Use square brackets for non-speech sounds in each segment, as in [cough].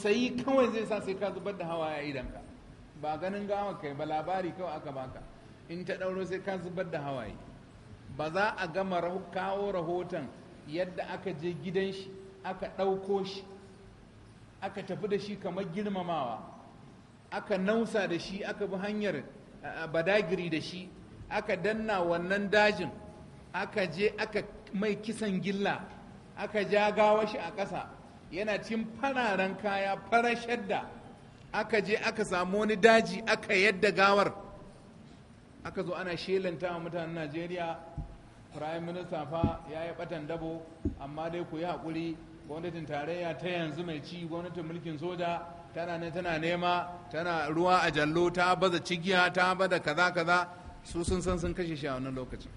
sai kawai zai sa sai ka zubar da hawaye idanka ba ganin gawa kai ba labari kawai aka baka in ta ɗauro sai ka zubar da hawaye ba za a gama kawo rahoton yadda aka je gidan shi aka ɗauko shi aka tafi da shi kamar girmamawa aka nausa da shi aka bi hanyar badagiri da shi aka danna wannan dajin aka je aka mai kisan gilla aka ja gawa shi a ƙasa yana cin fararen kaya farashar shadda aka je aka samu wani daji aka yadda gawar aka zo ana shelanta wa mutanen najeriya prime minister fa ya yi batan dabo amma dai ku yi haƙuri gwamnatin tarayya ta yanzu mai ci gwamnatin mulkin soja tana ne tana nema tana ruwa a jallo ta baza cigiya ta bada kaza kaza su sun san sun kashe shi a wannan lokacin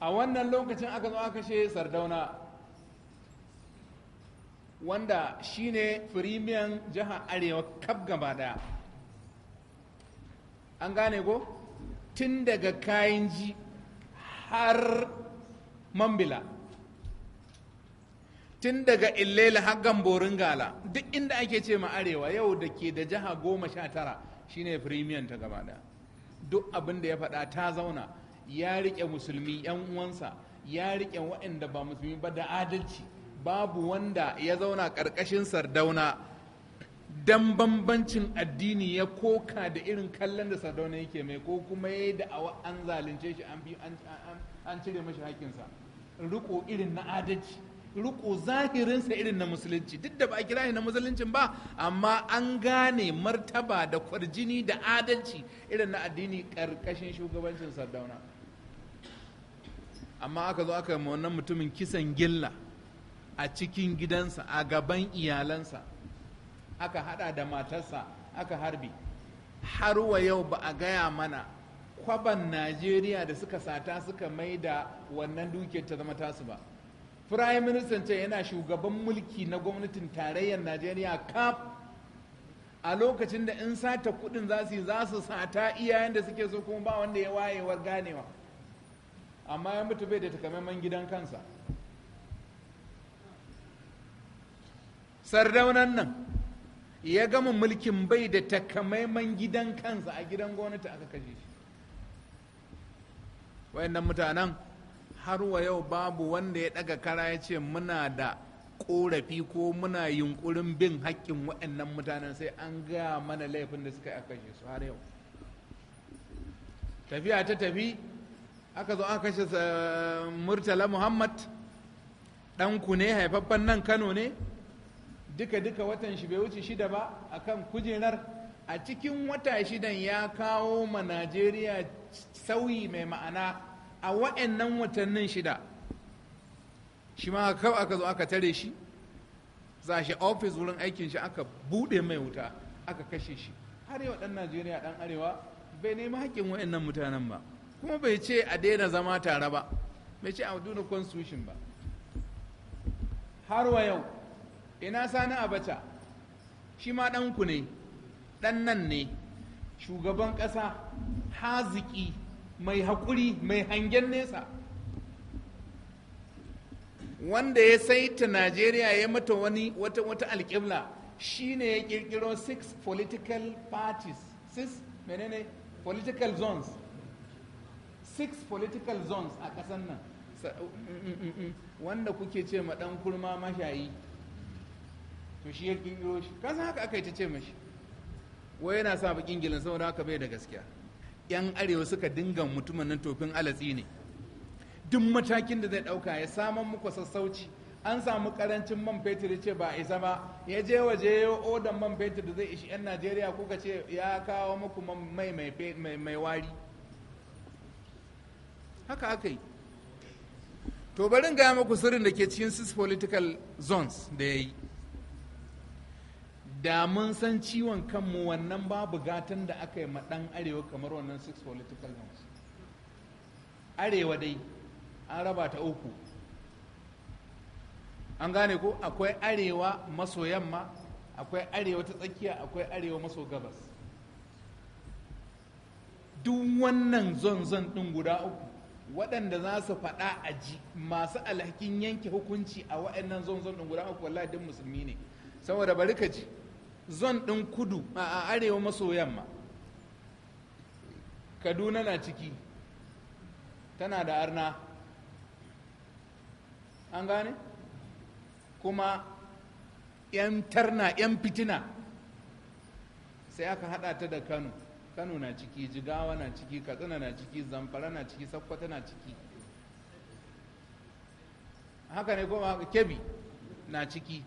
a wannan lokacin aka zo aka ce sardauna wanda shine firimiyan jiha arewa kaf gaba daya an gane ko tun daga kayan ji har mambila tun daga illela har gamborin gala duk inda ake ce ma arewa yau da ke da jiha goma sha tara shine firimiyan ta gaba daya duk abinda ya faɗa ta zauna ya riƙe musulmi yan uwansa ya riƙe waɗanda ba musulmi ba da adalci babu wanda ya zauna ƙarƙashin sardauna dan bambancin addini ya koka da irin kallon da sardauna yake mai ko kuma ya yi da'awa an zalunce shi an cire mashi hakinsa riko irin na adalci riko zahirinsa irin na musulunci duk da ba a kira na musuluncin ba amma an gane martaba da kwarjini da adalci irin na addini ƙarƙashin shugabancin sardauna amma aka zo aka ma wannan mutumin kisan gilla a cikin gidansa a gaban iyalansa aka hada da matarsa aka harbi har wa yau ba a gaya mana kwaban najeriya da suka sata suka mai da wannan dukiyar ta zama tasu ba firayim ministan ce yana shugaban mulki na gwamnatin tarayyar najeriya kaf a lokacin da in sata kudin za su yi za su sata iyayen da suke so kuma ba wanda ya wayewar ganewa amma ya mutu bai da takamaiman gidan kansa sardaunan nan ya gama mulkin bai da takamaiman gidan kansa a gidan gwamnati aka kashe shi wayannan mutanen har wa yau babu wanda ya daga kara ya ce muna da korafi ko muna yunkurin bin haƙƙin waɗannan mutanen sai an gaya mana laifin da suka yi a kashe su har yau tafiya ta tafi aka zo aka kashe eh, murtala muhammad ku ne haifaffen nan kano ne duka-duka watan shi bai wuce shida ba a kan kujerar a cikin wata shidan ya kawo ma najeriya sauyi mai ma'ana a wa'annan watannin shida shi ma kawai aka zo aka tare shi za shi ofis wurin aikin shi aka bude mai wuta aka kashe shi har yau dan najeriya dan arewa bai nemi haƙƙin wa'annan mutanen ba kuma bai ce a daina zama tare ba bai ce a duna constitution ba har wa yau ina sani abacha shi ma ɗanku ne ɗan nan ne shugaban ƙasa haziki mai haƙuri mai hangen nesa wanda ya saita najeriya ya mata wani wata wata alƙibla shine ya ƙirƙiro six political parties six menene political zones six political zones a ƙasar nan mm, mm, mm, wanda kuke ce ma ɗan kurma mashayi to shi ya kirkiro shi kasan haka aka yi ta ce mashi wai yana sa bakin gilin saboda haka bai da gaskiya yan arewa suka dinga mutumin nan tofin alatsi ne duk matakin da zai ɗauka ya saman muku sassauci an samu karancin man fetur ce ba isa ba ya je waje ya odan man fetur da zai ishi 'yan najeriya kuka ce ya kawo muku mai mai wari haka aka yi to barin gaya maku sirrin da ke cikin six political zones da ya yi da mun san ciwon kanmu wannan babu gatan da aka yi maɗan arewa kamar wannan six political zones arewa dai an raba ta uku an gane ko akwai arewa maso yamma akwai arewa ta tsakiya akwai arewa maso gabas duk wannan zonzon ɗin guda uku waɗanda za su faɗa a ji masu alhakin yanke hukunci a waɗannan zon ɗin guda uku wallahi duk musulmi ne saboda bari ka ji zon ɗin kudu a arewa maso yamma kaduna na ciki tana da arna an gane kuma 'yan tarna 'yan fitina sai aka haɗa ta da kano kano na ciki jigawa na ciki katsina na ciki zamfara na ciki sakkwata na ciki haka ne kuma kebi na ciki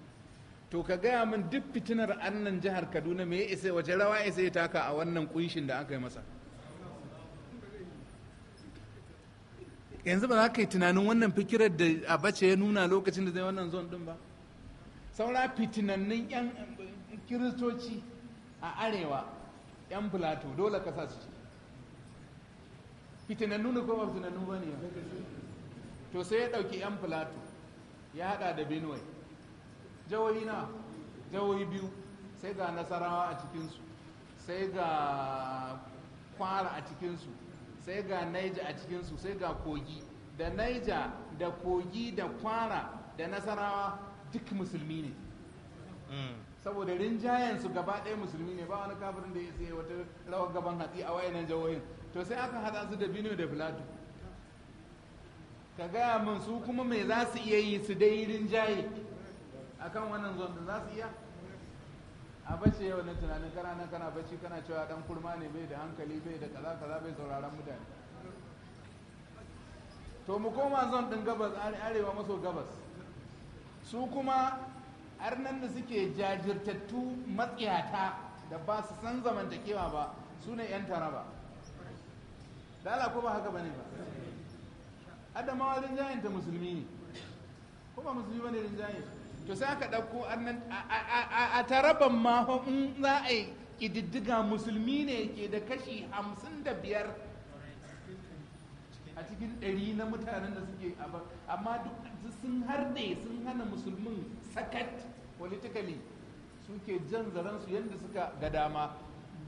to ka gaya min duk fitinar annan jihar kaduna me isa wace rawa isa ya taka a wannan kunshin da aka yi masa yanzu ba za ka yi tunanin wannan fikirar da abace ya nuna lokacin da zai wannan zon din ba saura fitinannin 'yan kiristoci a arewa yan filato dole ka sa su ci fitinannu ne ko ba fitinannu ba ne to sai ya ɗauki yan filato ya haɗa da benue jawoyi na jawoyi biyu sai ga nasarawa a cikinsu sai ga kwara a cikinsu sai ga naija a cikinsu sai ga kogi da naija da kogi da kwara da nasarawa duk musulmi ne mm. saboda rinjayen su gaba ɗaya musulmi ne ba wani kafirin da ya sai wata rawar gaban hatsi a wayanan jawoyin to sai aka hada su da bino da filato ka gaya min su kuma me za su iya yi su dai rinjaye a kan wannan zonda za su iya a bace yau na tunanin kana nan kana bacci kana cewa dan kurma ne bai da hankali bai da kaza kaza bai sauraron mutane to mu koma zon din gabas arewa maso gabas su kuma nan da suke jajirtattu matsiyata da ba su san zamantakewa ba su ne 'yan taraba dala ko ba haka ba ne ba adamawa rinjayen ta musulmi ne ko ba musulmi ba ne rinjayen to sai aka ɗauko arnan a taraban maho in za a yi ƙididdiga musulmi ne ke da kashi hamsin da biyar a cikin ɗari na mutanen da suke amma duk sun harde sun hana musulmin sakat politically suke jan zaransu yadda suka ga dama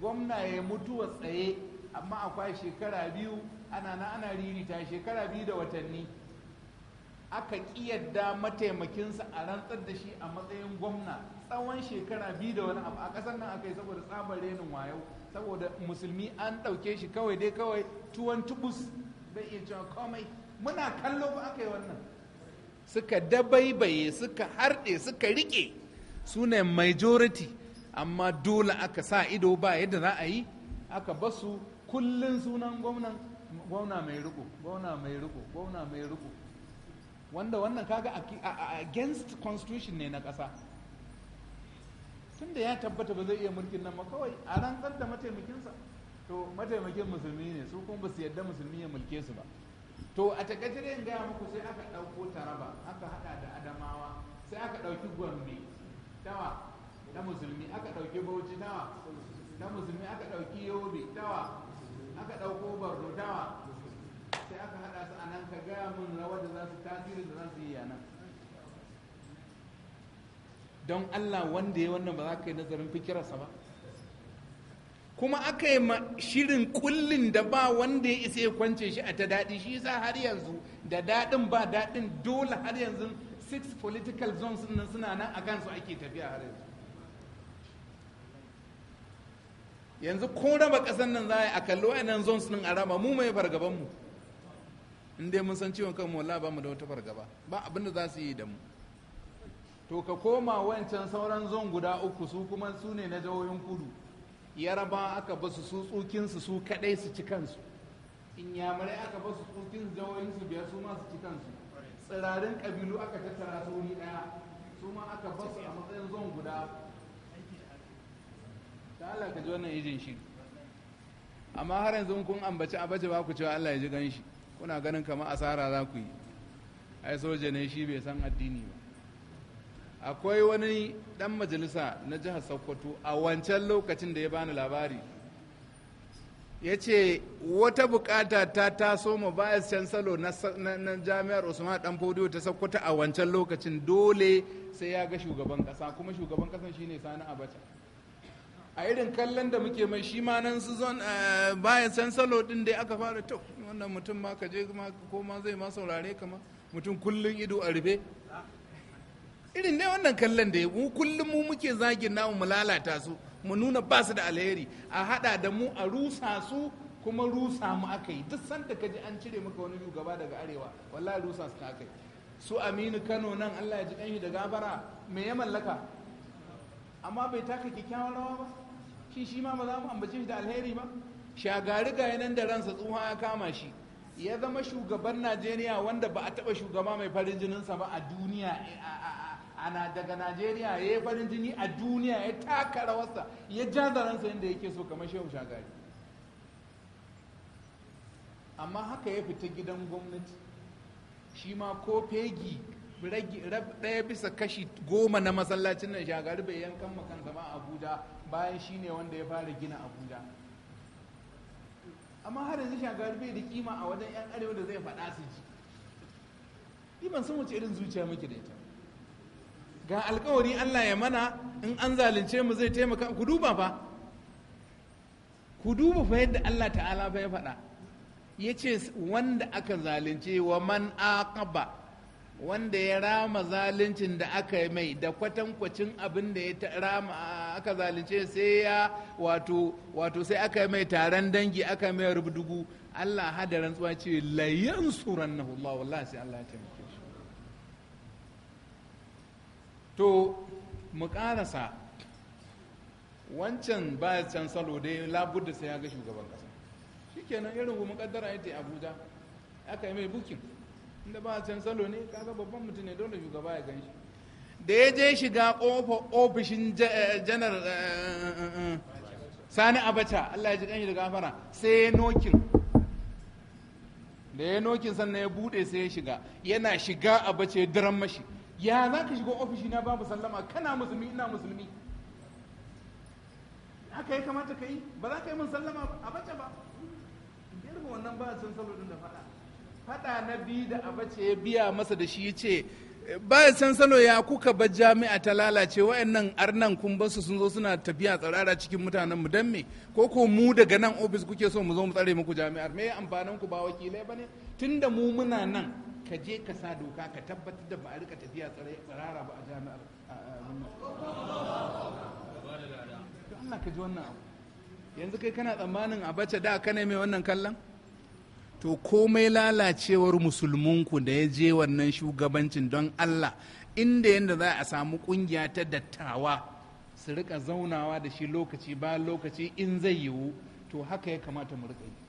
gwamna ya mutuwa tsaye amma akwai shekara biyu ana na ana ririta shekara biyu da watanni aka kiyarda mataimakinsa a rantsar da shi a matsayin gwamna tsawon shekara biyu da wani abu a ƙasar nan aka yi saboda tsabar renin wayo saboda musulmi an ɗauke shi kawai dai kawai tuwon tubus zai iya cewa komai muna kallo ba aka yi wannan suka dabaibaye suka harɗe suka riƙe su ne majority amma dole aka sa ido ba yadda za a yi aka basu kullum sunan gwamnan gwamna mai riko gwamna mai riko gwamna mai riko wanda wannan kaga against constitution ne na ƙasa tunda ya tabbata ba zai iya mulkin nan ba kawai a rantsar da mataimakinsa to mataimakin musulmi ne su kuma ba su yadda musulmi ya mulke su ba to a takaice dai gaya muku sai aka ɗauko taraba aka haɗa da adamawa sai aka ɗauki gombe tawa na musulmi aka ɗauki bauchi tawa na musulmi aka ɗauki yobe tawa aka ɗauko bardo tawa sai aka haɗa su anan ka gaya mun rawar da za su tasiri da za su yi yanan don allah wanda ya wannan ba za ka yi nazarin fikirarsa ba kuma aka yi shirin kullin da ba wanda ya isa ya kwance shi a ta daɗi shi yasa har yanzu da daɗin ba daɗin dole har yanzu six political zones nan suna nan a kansu ake tafiya har yanzu yanzu ko raba ƙasar nan za a yi a kalli nan zones nan a raba mu mai fargaban mu in dai mun san ciwon kan mu wallahi ba mu da wata fargaba ba abin da za su yi da mu to ka koma wancan sauran zon guda uku su kuma su ne na jihohin kudu yaraba aka ba su tsukinsu su kadai su ci kansu yamare aka ba tsukin jawoyin su biyar su ma su ci kansu tsirarin kabilu aka tattara su wuri daya su ma aka ba su a matsayin zon guda ta Allah ka ji wannan ijin shi amma har yanzu kun ambaci baje ba ku cewa Allah ya ji ganshi kuna ganin kamar asara za ku yi ai soja ne shi bai san addini ba akwai wani dan majalisa na jihar sokoto a wancan lokacin da ya bani labari ya ce wata bukata ta taso mu bayas cansalo na jami'ar usman dan fodiyo ta sokoto a wancan lokacin dole sai ya ga shugaban kasa kuma shugaban kasan shine sani abacha a irin kallon da muke mai shi ma nan su zon eh, bayan san salo din da aka fara to wannan mutum ma ka je ko ma zai ma saurare kama mutum kullun ido a rufe irin ne wannan kallon da ya mu kullum mu muke zagin namu mu lalata su mu nuna ba su da alheri a hada da mu a rusa su kuma rusa mu aka yi duk sanda ka ji an cire maka wani shugaba daga arewa wallahi rusa su aka yi su aminu kano nan allah ya ji ɗanyi da gabara me ya mallaka amma bai taka kyakkyawan rawa ba shi shi ma ba za mu ambace shi da alheri ba shagari ga yanan da ransa tsuha ya kama shi ya zama shugaban najeriya wanda ba a taba shugaba mai farin jininsa ba a duniya ana daga najeriya ya yi farin jini a duniya ya taka rawarsa ya ja zaransa yadda yake so kamar shehu shagari amma haka ya fita gidan gwamnati shi ma ko fegi ɗaya bisa kashi goma na masallacin nan shagari bai yankan makansa ba abuja bayan shi ne wanda ya fara gina abuja amma har yanzu shagari bai da kima a wajen 'yan arewa da zai faɗa su ji ban san wuce irin zuciya muke da ita ga alkawari Allah ya mana in an zalunce mu zai taimaka ku duba fa ku duba fa yadda Allah ta'ala ya faɗa ya ce wanda aka zalunce wa man aqaba wanda ya rama zaluncin da aka yi mai da kwatankwacin abin da ya rama aka zalunce sai ya wato wato sai aka yi mai taron dangi aka yi mai rubudugu Allah hadarin tsuwa ce layan suran na Allah wallahi sai Allah ya taimaka to mu karasa wancan ba can salo dai labudda sai ya ga shugaban kasa shikenan irin mu kaddara ita abuja aka yi mai bukin inda ba can salo ne kaga babban mutum ne dole shugaba ya gan shi da ya je shiga ofishin eh, eh, janar eh, sani abacha allah ya ji yi da gafara sai ya nokin da ya nokin sannan ya bude sai ya shiga yana shiga abacha ya diran mashi ya za ka shiga ofishi na babu sallama kana musulmi ina musulmi haka ya kamata ka yi ba za ka yi min sallama a bace ba biyar ba wannan ba san salo da faɗa faɗa na bi da a bace ya biya masa da shi ya ce baya san salo ya kuka bar jami'a ta lalace wa'annan arnan kun basu sun zo suna tafiya tsirara cikin mutanen mu dan me ko ko mu daga nan ofis kuke so mu zo mu tsare muku jami'ar me amfanin ku ba wakilai bane tunda mu muna nan ka je ka sa doka ka tabbatar da ba a rika tafiya tsirara ba a jami'ar Allah ka ji wannan abu yanzu kai kana tsammanin a bace da ka mai wannan kallon to komai lalacewar musulmunku da ya je wannan shugabancin don Allah inda yadda za a samu kungiya ta dattawa su rika zaunawa da shi lokaci ba lokaci in zai yiwu to haka ya kamata mu rika yi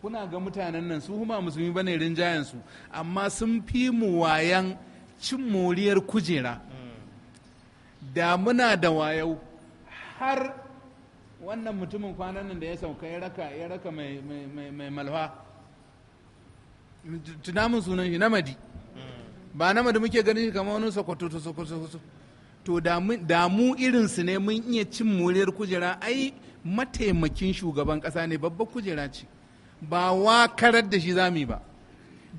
kuna ga mutanen nan su huma musulmi bane rinjayen su amma sun fi mu wayan cin moriyar kujera da muna da wayau har wannan mutumin kwanan nan da ya sauka ya raka ya raka mai mai malfa tunamin sunan shi namadi ba namadi muke ganin shi kamar wani sokoto to sokoto to da mu irinsu ne mun iya cin moriyar kujera ai mataimakin shugaban kasa ne babbar kujera ce ba karar da shi za mu yi ba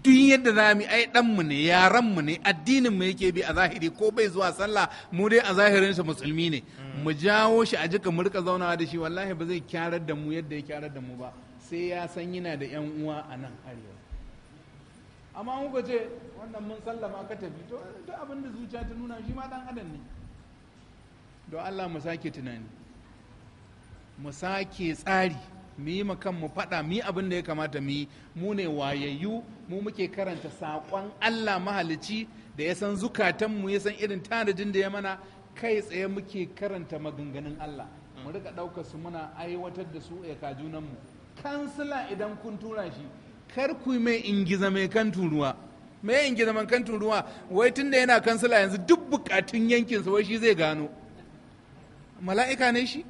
duk yadda za mu ai ɗanmu ne yaranmu ne addininmu yake bi a zahiri ko bai zuwa sallah mu dai a zahirinsa musulmi ne mu jawo shi a jika mu rika zaunawa da shi wallahi ba zai kyarar da mu yadda ya kyarar da mu ba sai ya san yana da yan uwa a nan arewa amma an kuka ce wannan mun sallama ka tafi to duk abin da zuciya ta nuna shi ma dan adam ne don Allah mu sake tunani mu sake tsari mu yi makan mu faɗa mu yi abin da ya kamata mu yi mu ne wayayyu mu muke karanta saƙon Allah mahalici da ya san mu ya san irin tanadin da ya mana kai tsaye muke karanta maganganun Allah mu rika ɗaukar su muna aiwatar da su a junanmu kansila idan kun tura shi kar ku mai ingiza mai kan turuwa mai ingiza mai kan turuwa wai tun da yana kansila yanzu duk bukatun yankinsa wai shi zai gano mala'ika ne shi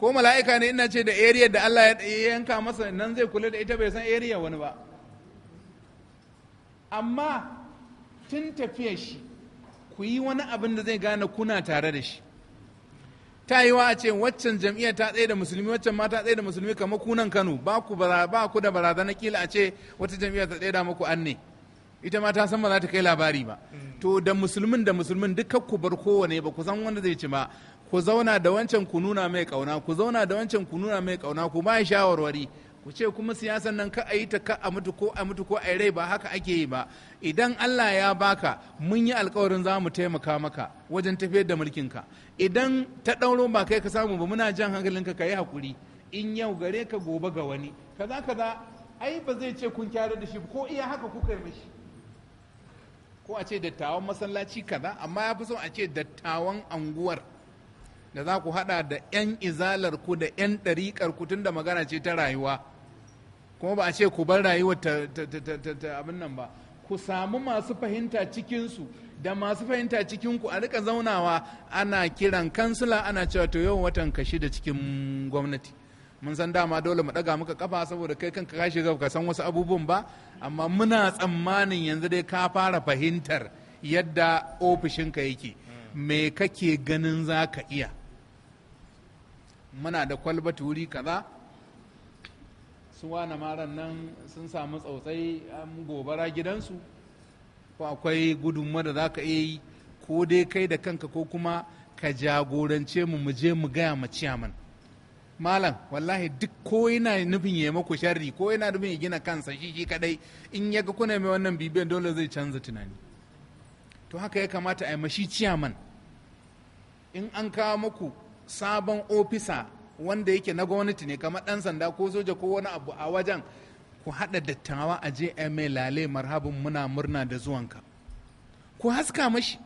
ko mala'ika ne ina ce da area da Allah ya yanka masa nan zai kula da ita bai san area wani ba amma tun tafiyar shi ku yi wani abin da zai gane kuna tare da shi ta yi wa a ce waccan jam'iyyar ta tsaye da musulmi waccan ma ta tsaye da musulmi kamar kunan kano ba ku ba ku da barazana kila a ce wata jam'iyyar ta tsaye da muku an ne ita ma ta san ba za ta kai labari ba mm. to da musulmin da musulmin dukkan ku bar kowane ba ku san wanda zai ci ba ku zauna da wancan ku nuna mai kauna ku zauna da wancan ku nuna mai kauna ku ba shawarwari ku ce kuma siyasan nan ka ayi ta ka a mutu ko a mutu ko a rai ba haka ake yi ba idan Allah ya baka mun yi alkawarin za mu taimaka maka wajen tafiyar da mulkin ka idan ta ɗauro ba kai ka samu ba muna jan hankalinka ka yi hakuri in yau gare ka gobe ga wani kaza kaza ai ba zai ce kun kyara da shi ko iya haka kuka yi mishi ko a ce dattawan masallaci kaza amma ya fi son a ce dattawan anguwar da za ku hada da 'yan izalar ku da 'yan ɗariƙar ku tun da magana ce ta rayuwa kuma ba a ce ku bar rayuwa ta, abin nan ba ku samu masu fahimta cikinsu da masu fahimta cikinku a rika zaunawa ana kiran kansula, ana cewa to yau watan ka shida cikin gwamnati mun san dama dole mu daga muka kafa saboda kai kanka ka shiga ka san wasu abubuwan ba amma muna tsammanin yanzu dai ka fara fahimtar yadda ofishinka yake me kake ganin za ka iya muna da kwalbati wuri kaza su wane maran nan sun samu tsautsai an gobara gidansu ko akwai gudunmu da za ka iya yi ko dai kai da kanka ko kuma ka jagorance mu mu je mu gaya ma ciyaman malam wallahi duk ko yana nufin ya maku sharri ko yana nufin ya gina kansa shi shi kadai in ya ga kuna mai wannan bibiyan dole zai canza tunani to haka ya kamata a yi mashi ciyaman in an kawo maku sabon ofisa wanda yake na gwamnati ne kamar ɗan sanda ko soja ko wani abu a wajen ku haɗa dattawa a JMA lale marhabin muna murna da zuwanka ku haska mashi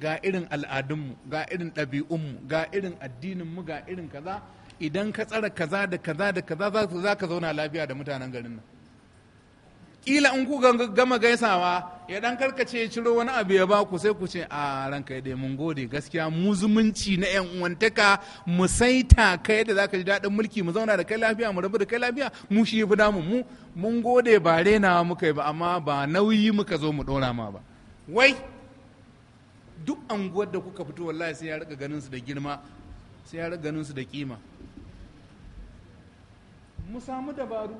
ga irin al'adunmu ga irin ɗabi'unmu ga irin addininmu ga irin kaza idan ka tsara kaza da kaza da kaza za ka zauna lafiya da mutanen garin nan kila in ku gama gaisawa ya dan karkace ya ciro wani abu ya ba ku sai ku ce a ranka ya mun gode gaskiya mu zumunci na yan uwantaka mu saita kai da zaka ji daɗin mulki mu zauna da kai lafiya mu rabu da kai lafiya mu shi fi damu mu mun gode ba rena muka yi ba amma ba nauyi muka zo mu ɗora ma ba wai duk anguwar da kuka fito wallahi sai ya rika ganin su da girma sai ya rika ganin su da kima mu samu dabaru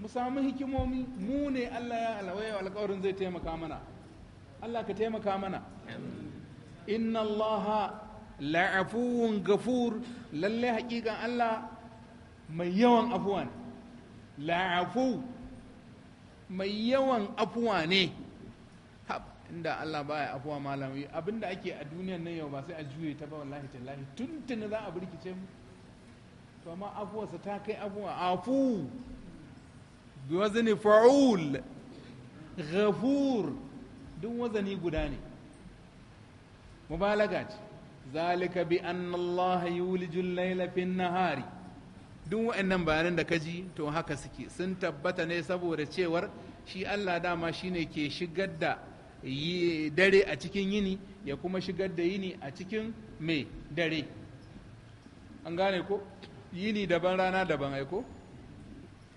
mu samu hikimomi mu ne Allah ya alawaya alƙawarin zai taimaka mana Allah ka taimaka mana inna Allah la'afuwun gafur lalle haƙiƙan Allah mai yawan afuwa ne la'afu mai yawan afuwa ne inda Allah baya afuwa malamai abinda ake a duniyar nan yau ba sai a juye ta ba wallahi tallahi tuntuni za a birkice mu to amma afuwarsa ta kai afuwa afu biwazani fa'ul ghafur duk wazani guda ne mubalaga ce zalika bi anna Allah yuliju al-layla nahari duk wa'annan bayanan da ka ji to haka suke sun tabbata ne saboda cewar shi Allah dama shine ke shigar da dare a cikin yini ya kuma shigar da yini a cikin mai dare an gane ko yini daban rana daban aiko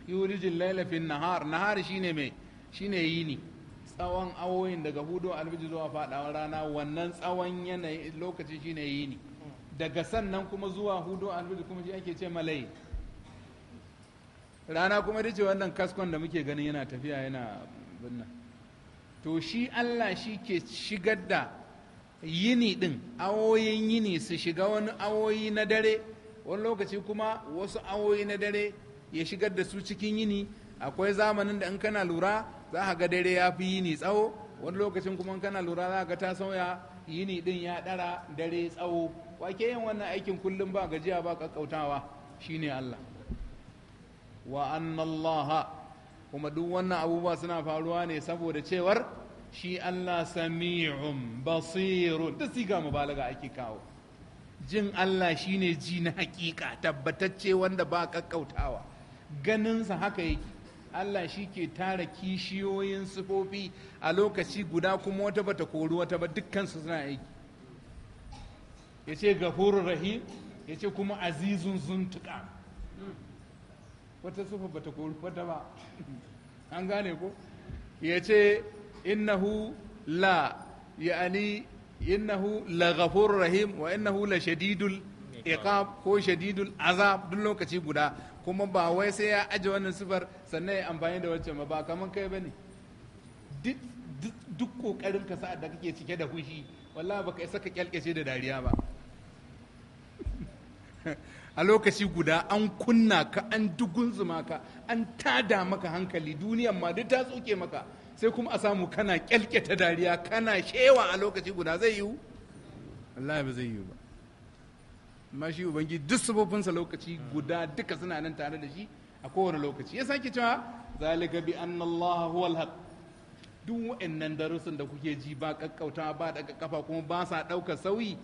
yulijin lailafin nahar nahar shine mai shine yini tsawon awoyin daga hudu alfiji zuwa fadawar rana wannan tsawon yanayi lokaci shine yini daga sannan kuma zuwa hudu alfiji kuma shi ake ce malayi rana kuma dace wannan kaskon da muke ganin yana tafiya yana binna to shi allah shi ke shigar da yini din awoyin yini su shiga wani awoyi na dare wani lokaci kuma wasu awoyi na dare ya shigar da su cikin yini akwai zamanin da in kana lura za ka ga dare ya fi yini tsawo wani lokacin kuma in kana lura za ga ta sauya yini din ya dara dare tsawo wake yin wannan aikin kullum ba gajiya ba kakkautawa shine Allah wa annallaha kuma duk wannan abubuwa suna faruwa ne saboda cewar shi Allah sami'un basirun duk siga mubalaga ake kawo jin Allah shine ji na hakika tabbatacce wanda ba kakkautawa ganinsa haka yake Allah shi ke tara kishiyoyin sufofi a lokaci guda kuma wata bata kori wata ba dukkansu suna aiki ya ce gafurur rahim ya ce kuma azizun zuntuka wata sufa bata kori wata ba an gane ko ya ce innahu la ya'ani innahu la ghafurur rahim wa innahu la shadidul iqab ko shadidul azab duk lokaci guda kuma ba wai sai ya aje wannan sifar sannan ya amfani da wacce ba kamar kai bane duk kokarin ka sa'ad da kake cike da hushi wallahi baka isa ka kyalkace da dariya ba [laughs] a lokaci guda an kunna ka an zuma ka an tada maka hankali duniyan ma duk ta tsoke maka sai kuma a samu kana kyalketa dariya kana shewa a lokaci guda zai yiwu wallahi ba zai yiwu ba amma shi ubangiji duk sabobinsa lokaci guda duka suna nan tare da shi a kowane lokaci ya sake cewa zalika bi anna allaha huwal haq duk wa'annan darussan da kuke ji ba kakkautawa ba daga kafa kuma ba sa dauka sauyi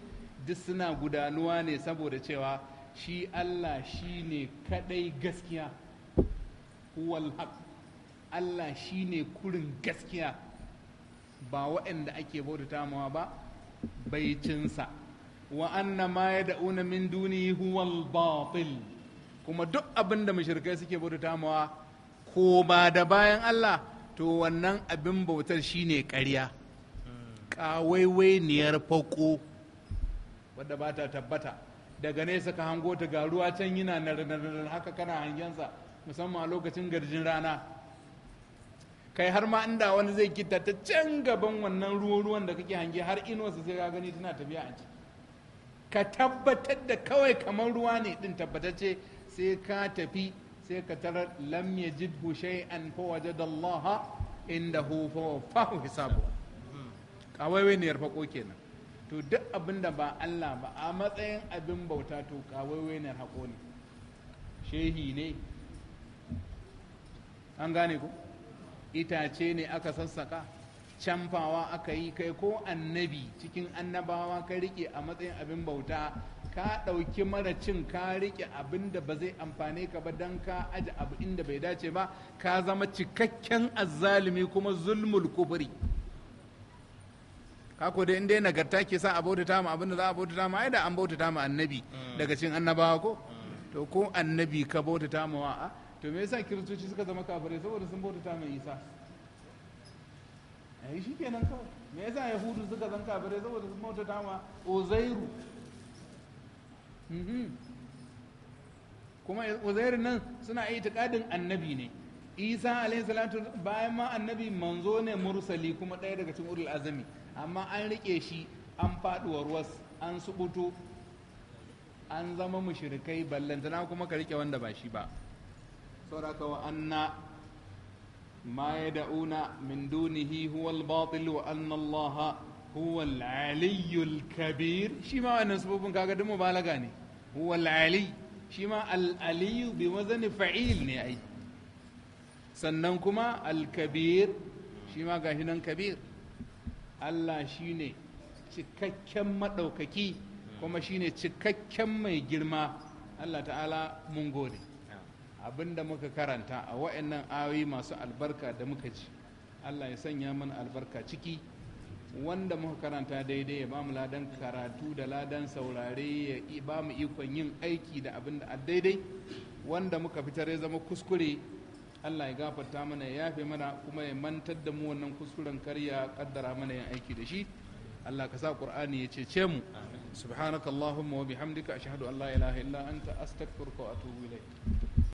duk suna gudanuwa ne saboda cewa shi Allah shi ne kadai gaskiya huwal haq Allah shi ne kurin gaskiya ba wa'anda ake bautata ba baicinsa wa anna ma yad'una min huwal batil kuma duk abin da mushrikai suke bauta mawa ko ba da bayan Allah to wannan abin bautar shine ƙarya kawaiwainiyar fako wadda ba ta tabbata daga nesa ka hango ta ga ruwa can yana narnarar haka kana hangensa musamman a lokacin garjin rana kai har ma inda wani zai kita ta can gaban wannan ruwan ruwan da kake hange har inuwarsa sai ka gani tana tafiya a ciki ka tabbatar da kawai kamar ruwa ne din tabbatacce sai ka tafi sai ka tarar lam yajidhu shay'an fa wajadallaha indahu fa wafahu hisabu kawaiwai ne yarfako kenan to duk abin da ba Allah ba a matsayin abin bauta to kawaiwai ne hako ne shehi ne an gane ku itace ne aka sassaka canfawa aka yi kai ko annabi cikin annabawa ka rike a matsayin abin bauta ka ɗauki mara cin ka rike abin da ba zai amfane ka ba don ka aji abu inda bai dace ba ka zama cikakken azzalumi kuma zulmul kufri ka ko dai inda nagarta ke sa a bautata mu abin da za a bautata mu ai da an bautata mu annabi daga cin annabawa ko to ko annabi ka bautata mu wa'a to me yasa kiristoci suka zama kafirai saboda sun bautata mu isa eh shi kenan kawai me yasa yahudu suka zan kafirai saboda sun mauta dama uzairu mhm. kuma ozairu nan suna itikadin annabi ne isa alayhi salatu bayan ma annabi manzo ne mursali kuma ɗaya daga cikin ulul azami amma an rike shi an faduwa ruwas an subuto an zama mushrikai ballantana kuma ka rike wanda ba shi ba sauraka wa anna ما يدعون من دونه هو الباطل وأن الله هو العلي الكبير شما أن سبب كاغد مبالغاني هو العلي شما العلي بوزن فعيل أي سننكما الكبير شما غاهنا كبير Allah shi ne cikakken maɗaukaki kuma shi ne cikakken mai girma Allah ta'ala mun gode. abin da muka karanta a wa'annan ayoyi masu albarka da muka ji allah ya sanya mana albarka ciki wanda muka karanta daidai ya bamu ladan karatu da ladan saurare ya bamu ikon yin aiki da abin da daidai wanda muka fitar ya zama kuskure allah ya gafarta mana ya yafe mana kuma ya mantar da mu wannan kuskuren karya kaddara mana yin aiki da shi allah ka sa qur'ani ya cece mu subhanakallahumma wa bihamdika ashhadu an la ilaha illa anta astaghfiruka wa atubu ilayk